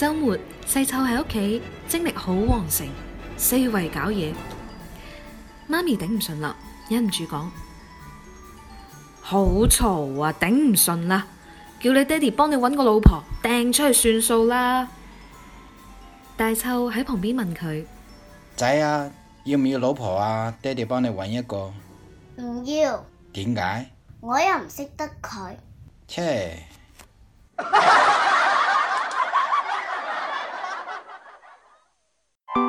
周末細臭喺屋企精力好旺盛，四圍搞嘢，媽咪頂唔順啦，忍唔住講：好嘈啊，頂唔順啦！叫你爹哋幫你搵個老婆掟出去算數啦！大臭喺旁邊問佢：仔啊，要唔要老婆啊？爹哋幫你搵一個。唔要。點解？我又唔識得佢。切。